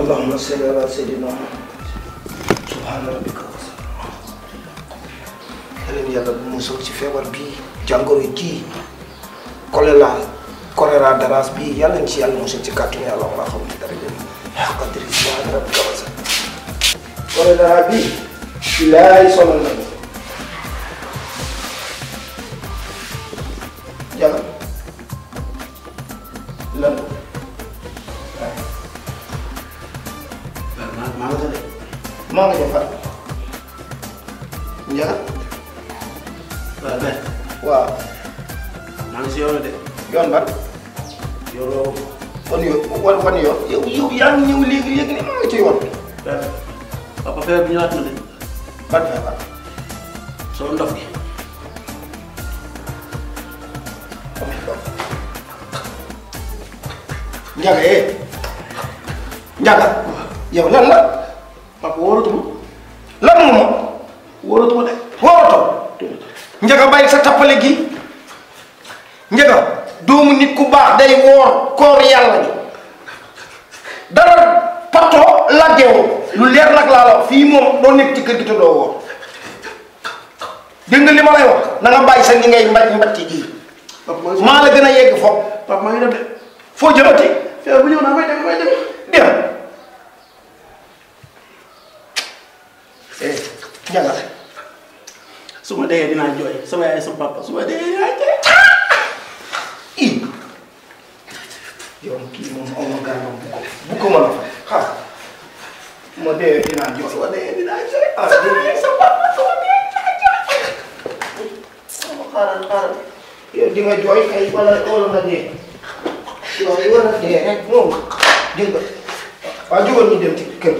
allahumma salli ala sayyidina Muhammad subhaana rabbika leen yàlla bu musal ci feebar bi jàngoro ji choléra choléra daras bii yàlla na ci yàlla musal ci kàttu yàlla wala xam ne dara jëm xaqadiri subhaana rabbika wasa choléra bi laay sonal nañu moo nga defar Ndiaga. waaw mais. waaw. maa ngi si yoon de. yoon ba. yoon woo ko. wan yoon wan wan yoon. yow yow yaa ngi ñëw léegi léegi nii maa ngi ci yoon. d'accord papa feebar bi ñëwaat na de. ban feebar. soo ndox gi. Ndiaga eh. Ndiaga yow lan la. papa woratuma lan mu ma woratuma de worato njaga bàyyi sa tappale gi njaga doomu nit ku baax day woor koor yàlla gi dara pato laggewo lu leer nag laa la fii moom doo nekk ci kër gi te doo woor dégg nga li ma lay wax na nga bàyyi sa ngi ngay mbaj mbatti ji maa la gën yegg foofu papa maa ngi dem de jëmati feebar bu ñëw naa may dem may dem dem Jangan. su ma dee dinaa jooy sama yaay sama papa su ma dee dinaa i Dia kii moom aw ma gàllam bu ko bu ko mën a fay xam ma dee dinaa jooy su ma dee dinaa jooy sama yaay papa su dia dee dinaa jooy xaaral xaaral yow di nga jooy kay wala wala nga dee yow yow la dee rek moom dégg nga waaw dem ci kër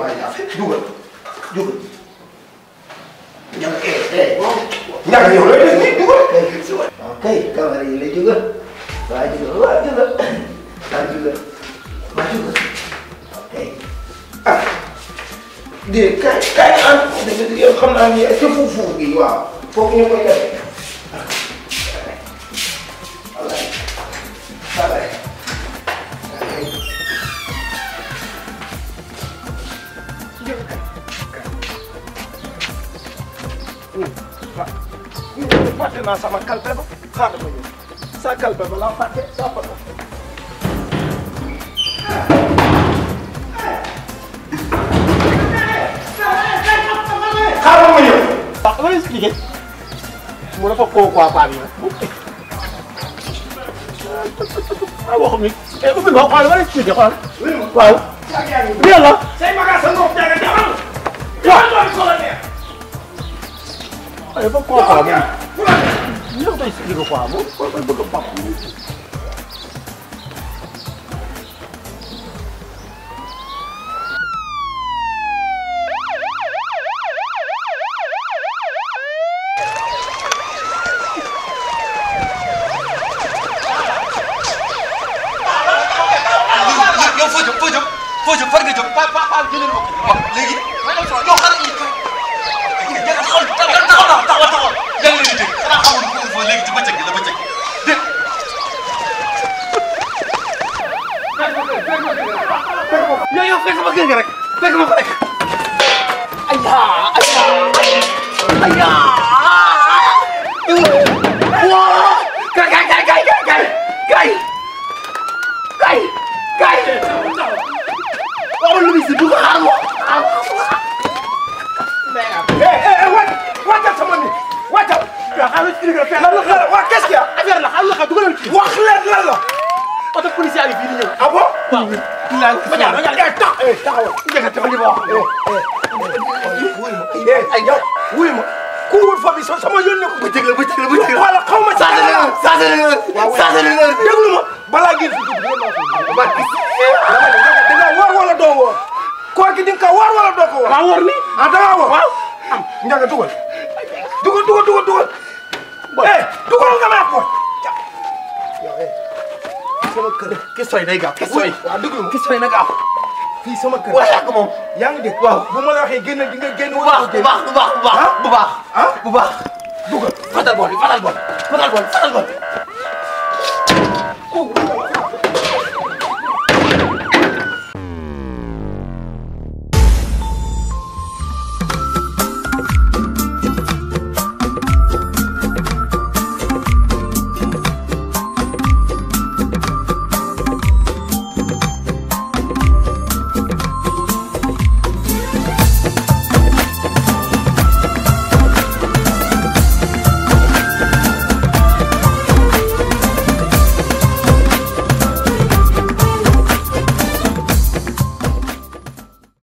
Nggak boleh ini dua. Oke, kau hari ini juga. Baik juga, luar juga. Baik juga. Baik juga. Oke. Ah. Dia kayak kayak aku dengan dia kenal dia itu fufu gitu. Pokoknya macam fàtte naa sama kalpe ba xaaral ma ñëw sa kalpe ba laa fàtte saa fa xaaral ma ñëw. waaw dama expliqué mu dafa koo quoi quoi bi ah waxum ni eh bu fi nga xool dama expliqué xool waaw. bien la. waaw. waaye ba koo quoi eso te explico, Juan. Por los papulitos. 보좀 빠르게 좀 빠빠빠 기다려 봐. waaw xaaral ci digg la fexe. lan la xaaral waaw qu'est-ce qu'il y a. affaire la xaaral la xaaral dugalal ah a li ma wax. ni ah da ngaa woor. waaw am a dugal dugal dugal dugal. sama kër question yi day gaaw question yi. waaw dëgg la question yi na gaaw. fii sama kër waaye ak moom. yaa ngi dégg waaw bu ma la waxee génn di nga génn. bu baax bu baax bu baax bu baax bu baax. ah bu baax. dugal fatal bool bi fatal bool fatal bool fatal bool.